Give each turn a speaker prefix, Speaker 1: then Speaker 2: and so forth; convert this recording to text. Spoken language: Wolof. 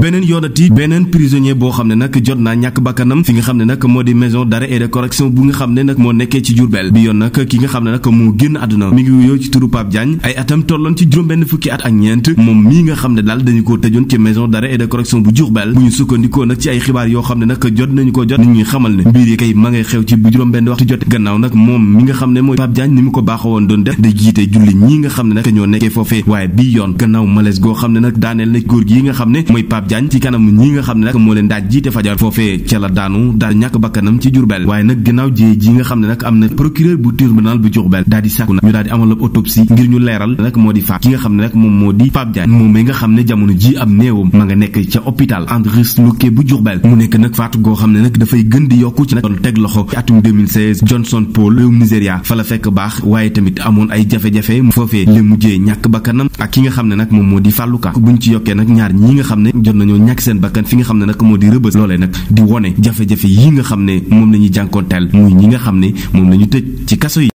Speaker 1: beneen yoonati beneen prisonnier boo xam ne nag jot naa ñàkk bakkanam fi nga xam ne nag moo di maison d'arrêt et de bu nga xam ne nag moo nekkee ci Diourbel bi yoon nag ki nga xam ne nag moo génn àdduna mi ngi wuyoo ci turu benn fukki at ak ñeent moom mii nga xam ne daal dañu ko tëjoon ci maison d'arrêt et de correction bu Diourbel bu ñu ay xibaar yoo xam ne nag jot nañu ko jot nit xamal ne mbir benn waxtu jot gannaaw nag moom mi nga xam ne mooy Pape Diagne ni mu ko baaxoo woon doon def day jiite julli ñi nga xam ne nag ñoo nekkee foofee waaye bii yoon gannaaw malaise goo xam ne nag daaneel na góor gi nga xam ne mooy Pape Pape kanam xam moo leen daaj jiite fajar foofee ca la daanu daal ñàkk bakkanam ci ginnaaw ji ji nga am na procureur bu tribunal bu Jurbel daal di sàkku nag moo di faat xam ne moom moo di Pape Diagne nga xam ne jamono ji am néewam ma nga nekk ca hôpital Andrés Luque bu mu nekk nag faatu goo xam ne nag dafay gën di yokk ci nag doon teg loxo ci atum 2016 Johnson Paul réewum Nigeria fa la fekk baax waaye tamit amoon ay jafe-jafe foofee la mujjee ñàkk bakkanam ak ki nga xam ne nag moom moo di fàlluka buñ ci yokkee nag ñaar ñi nga xam ne jot nañoo ñàkk seen bakkan fi nga xam ne nag moo di rëbës loolee nag di wone jafe-jafe yi nga xam ne moom la ñuy
Speaker 2: jànkoonteel muy ñi nga xam ne moom la ñu tëj ci kaso yi